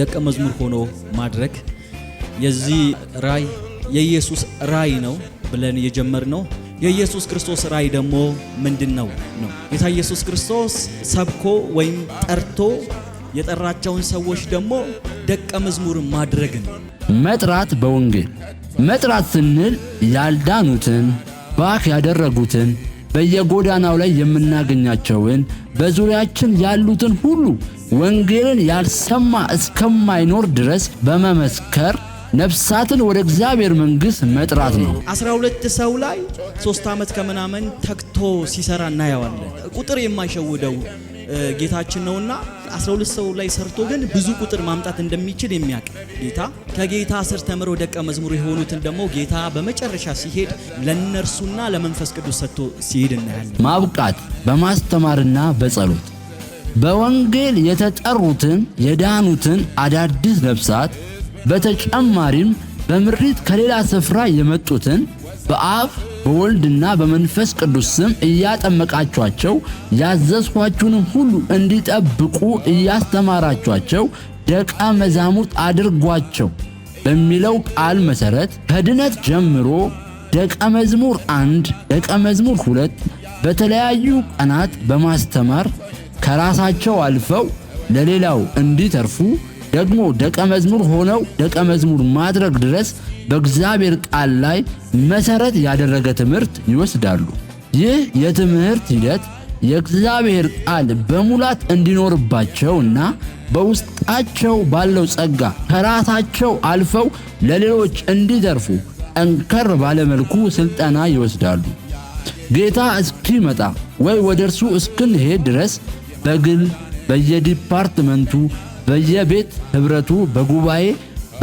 ደቀ መዝሙር ሆኖ ማድረግ የዚህ ራእይ የኢየሱስ ራእይ ነው ብለን የጀመር ነው። የኢየሱስ ክርስቶስ ራእይ ደግሞ ምንድን ነው ነው ጌታ ኢየሱስ ክርስቶስ ሰብኮ ወይም ጠርቶ የጠራቸውን ሰዎች ደግሞ ደቀ መዝሙር ማድረግን መጥራት በወንጌል መጥራት ስንል ያልዳኑትን ባክ ያደረጉትን በየጎዳናው ላይ የምናገኛቸውን በዙሪያችን ያሉትን ሁሉ ወንጌልን ያልሰማ እስከማይኖር ድረስ በመመስከር ነፍሳትን ወደ እግዚአብሔር መንግሥት መጥራት ነው። አስራ ሁለት ሰው ላይ ሶስት ዓመት ከምናምን ተግቶ ሲሰራ እናየዋለን። ቁጥር የማይሸውደው ጌታችን ነውና 12 ሰው ላይ ሰርቶ ግን ብዙ ቁጥር ማምጣት እንደሚችል የሚያውቅ ጌታ ከጌታ ስር ተምረው ደቀ መዝሙር የሆኑትን ደግሞ ጌታ በመጨረሻ ሲሄድ ለነርሱና ለመንፈስ ቅዱስ ሰጥቶ ሲሄድ እናያለን። ማብቃት በማስተማርና በጸሎት በወንጌል የተጠሩትን የዳኑትን አዳዲስ ነፍሳት በተጨማሪም በምሪት ከሌላ ስፍራ የመጡትን በአብ በወልድና በመንፈስ ቅዱስ ስም እያጠመቃችኋቸው ያዘዝኋችሁንም ሁሉ እንዲጠብቁ እያስተማራችኋቸው ደቀ መዛሙርት አድርጓቸው በሚለው ቃል መሠረት ከድነት ጀምሮ ደቀ መዝሙር አንድ ደቀ መዝሙር ሁለት በተለያዩ ቀናት በማስተማር ከራሳቸው አልፈው ለሌላው እንዲተርፉ ደግሞ ደቀ መዝሙር ሆነው ደቀ መዝሙር ማድረግ ድረስ በእግዚአብሔር ቃል ላይ መሠረት ያደረገ ትምህርት ይወስዳሉ። ይህ የትምህርት ሂደት የእግዚአብሔር ቃል በሙላት እንዲኖርባቸውና በውስጣቸው ባለው ጸጋ ከራሳቸው አልፈው ለሌሎች እንዲተርፉ ጠንከር ባለመልኩ ሥልጠና ይወስዳሉ። ጌታ እስኪመጣ ወይ ወደ እርሱ እስክንሄድ ድረስ በግል በየዲፓርትመንቱ፣ በየቤት ኅብረቱ፣ በጉባኤ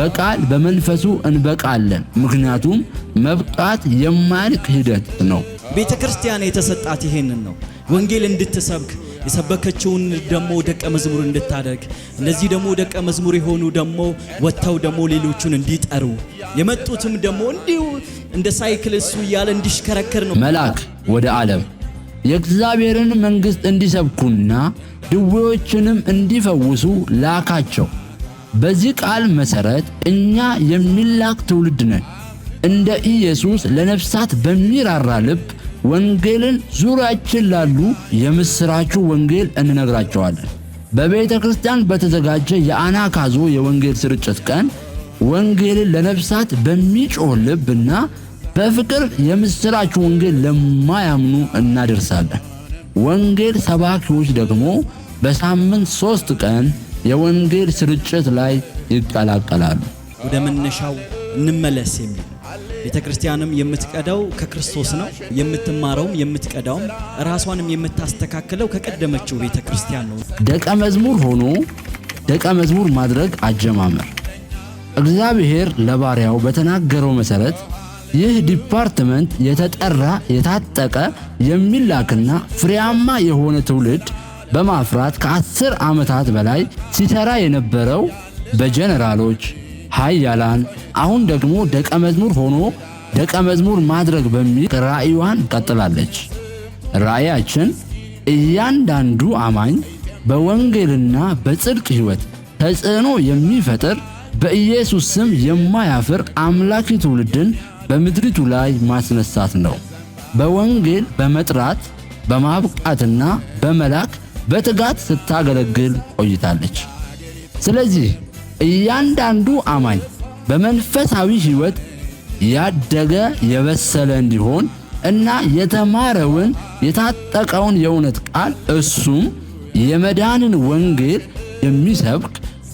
በቃል በመንፈሱ እንበቃለን። ምክንያቱም መብቃት የማያልቅ ሂደት ነው። ቤተ ክርስቲያን የተሰጣት ይሄንን ነው፣ ወንጌል እንድትሰብክ የሰበከችውን ደግሞ ደቀ መዝሙር እንድታደርግ እነዚህ ደግሞ ደቀ መዝሙር የሆኑ ደግሞ ወጥተው ደግሞ ሌሎቹን እንዲጠሩ የመጡትም ደግሞ እንዲሁ እንደ ሳይክል እሱ እያለ እንዲሽከረከር ነው። መልአክ ወደ ዓለም የእግዚአብሔርን መንግሥት እንዲሰብኩና ድዌዎችንም እንዲፈውሱ ላካቸው። በዚህ ቃል መሠረት እኛ የሚላክ ትውልድ ነን። እንደ ኢየሱስ ለነፍሳት በሚራራ ልብ ወንጌልን ዙሪያችን ላሉ የምሥራቹ ወንጌል እንነግራቸዋለን። በቤተ ክርስቲያን በተዘጋጀ የአና ካዞ የወንጌል ስርጭት ቀን ወንጌልን ለነፍሳት በሚጮህ ልብና በፍቅር የምሥራቹ ወንጌል ለማያምኑ እናደርሳለን። ወንጌል ሰባኪዎች ደግሞ በሳምንት ሦስት ቀን የወንጌል ስርጭት ላይ ይቀላቀላሉ። ወደ መነሻው እንመለስ የሚል ቤተ ክርስቲያንም የምትቀዳው ከክርስቶስ ነው። የምትማረውም የምትቀዳውም ራሷንም የምታስተካክለው ከቀደመችው ቤተ ክርስቲያን ነው። ደቀ መዝሙር ሆኖ ደቀ መዝሙር ማድረግ አጀማመር እግዚአብሔር ለባሪያው በተናገረው መሰረት ይህ ዲፓርትመንት የተጠራ የታጠቀ የሚላክና ፍሬያማ የሆነ ትውልድ በማፍራት ከአስር ዓመታት በላይ ሲሰራ የነበረው በጀነራሎች ሃያላን አሁን ደግሞ ደቀ መዝሙር ሆኖ ደቀ መዝሙር ማድረግ በሚል ራእይዋን ቀጥላለች። ራእያችን እያንዳንዱ አማኝ በወንጌልና በጽድቅ ሕይወት ተጽዕኖ የሚፈጥር በኢየሱስ ስም የማያፍር አምላኪ ትውልድን በምድሪቱ ላይ ማስነሳት ነው። በወንጌል በመጥራት በማብቃትና በመላክ በትጋት ስታገለግል ቆይታለች። ስለዚህ እያንዳንዱ አማኝ በመንፈሳዊ ሕይወት ያደገ የበሰለ እንዲሆን እና የተማረውን የታጠቀውን የእውነት ቃል እሱም የመዳንን ወንጌል የሚሰብክ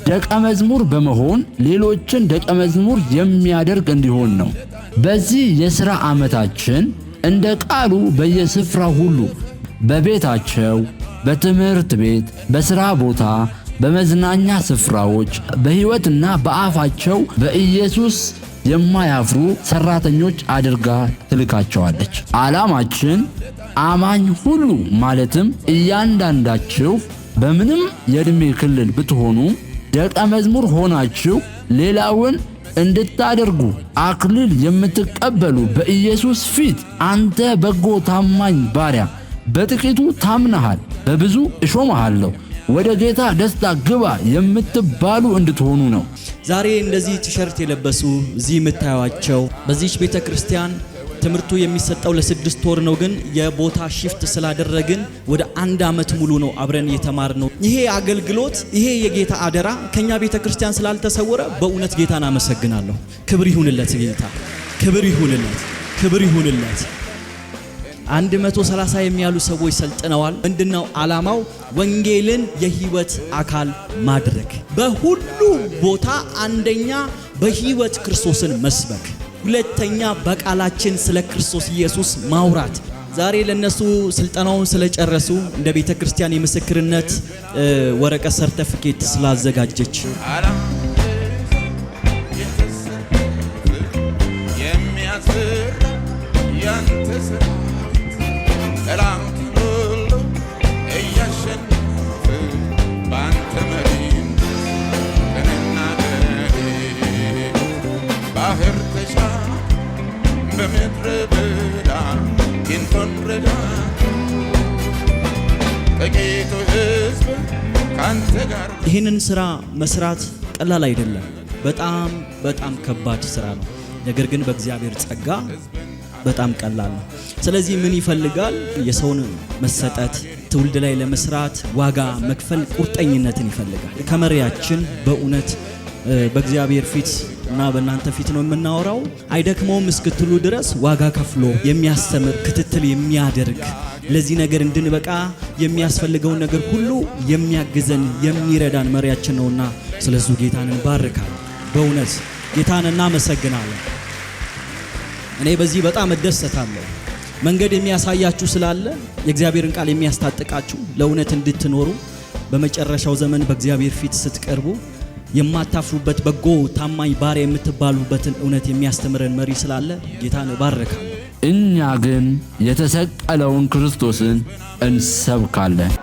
ደቀ መዝሙር በመሆን ሌሎችን ደቀ መዝሙር የሚያደርግ እንዲሆን ነው። በዚህ የሥራ ዓመታችን እንደ ቃሉ በየስፍራ ሁሉ በቤታቸው በትምህርት ቤት፣ በሥራ ቦታ፣ በመዝናኛ ስፍራዎች በሕይወትና በአፋቸው በኢየሱስ የማያፍሩ ሰራተኞች አድርጋ ትልካቸዋለች። ዓላማችን አማኝ ሁሉ ማለትም እያንዳንዳችሁ በምንም የዕድሜ ክልል ብትሆኑ ደቀ መዝሙር ሆናችሁ ሌላውን እንድታደርጉ አክሊል የምትቀበሉ በኢየሱስ ፊት አንተ በጎ ታማኝ ባሪያ በጥቂቱ ታምነሃል፣ በብዙ እሾመሃለሁ። ወደ ጌታ ደስታ ግባ የምትባሉ እንድትሆኑ ነው። ዛሬ እንደዚህ ቲሸርት የለበሱ እዚህ የምታዩቸው በዚች ቤተ ክርስቲያን ትምህርቱ የሚሰጠው ለስድስት ወር ነው፣ ግን የቦታ ሽፍት ስላደረግን ወደ አንድ ዓመት ሙሉ ነው አብረን እየተማር ነው። ይሄ አገልግሎት ይሄ የጌታ አደራ ከኛ ቤተ ክርስቲያን ስላልተሰወረ በእውነት ጌታን አመሰግናለሁ። ክብር ይሁንለት ጌታ፣ ክብር ይሁንለት፣ ክብር ይሁንለት። አንድ መቶ ሰላሳ የሚያሉ ሰዎች ሰልጥነዋል። ምንድነው አላማው? ወንጌልን የህይወት አካል ማድረግ፣ በሁሉ ቦታ አንደኛ በህይወት ክርስቶስን መስበክ፣ ሁለተኛ በቃላችን ስለ ክርስቶስ ኢየሱስ ማውራት። ዛሬ ለነሱ ስልጠናውን ስለጨረሱ እንደ ቤተ ክርስቲያን የምስክርነት ወረቀት ሰርተፍኬት ስላዘጋጀች ይህንን ስራ መስራት ቀላል አይደለም። በጣም በጣም ከባድ ስራ ነው። ነገር ግን በእግዚአብሔር ጸጋ በጣም ቀላል ነው። ስለዚህ ምን ይፈልጋል? የሰውን መሰጠት ትውልድ ላይ ለመስራት ዋጋ መክፈል ቁርጠኝነትን ይፈልጋል። ከመሪያችን በእውነት በእግዚአብሔር ፊት እና በእናንተ ፊት ነው የምናወራው። አይደክመውም እስክትሉ ድረስ ዋጋ ከፍሎ የሚያስተምር ክትትል የሚያደርግ ለዚህ ነገር እንድንበቃ የሚያስፈልገውን ነገር ሁሉ የሚያግዘን የሚረዳን መሪያችን ነውና ስለዚህ ጌታን እንባርካለን። በእውነት ጌታን እናመሰግናለን። እኔ በዚህ በጣም እደሰታለሁ። መንገድ የሚያሳያችሁ ስላለ የእግዚአብሔርን ቃል የሚያስታጥቃችሁ ለእውነት እንድትኖሩ በመጨረሻው ዘመን በእግዚአብሔር ፊት ስትቀርቡ የማታፍሩበት በጎ ታማኝ ባሪያ የምትባሉበትን እውነት የሚያስተምረን መሪ ስላለ ጌታን እባርካለሁ። እኛ ግን የተሰቀለውን ክርስቶስን እንሰብካለን።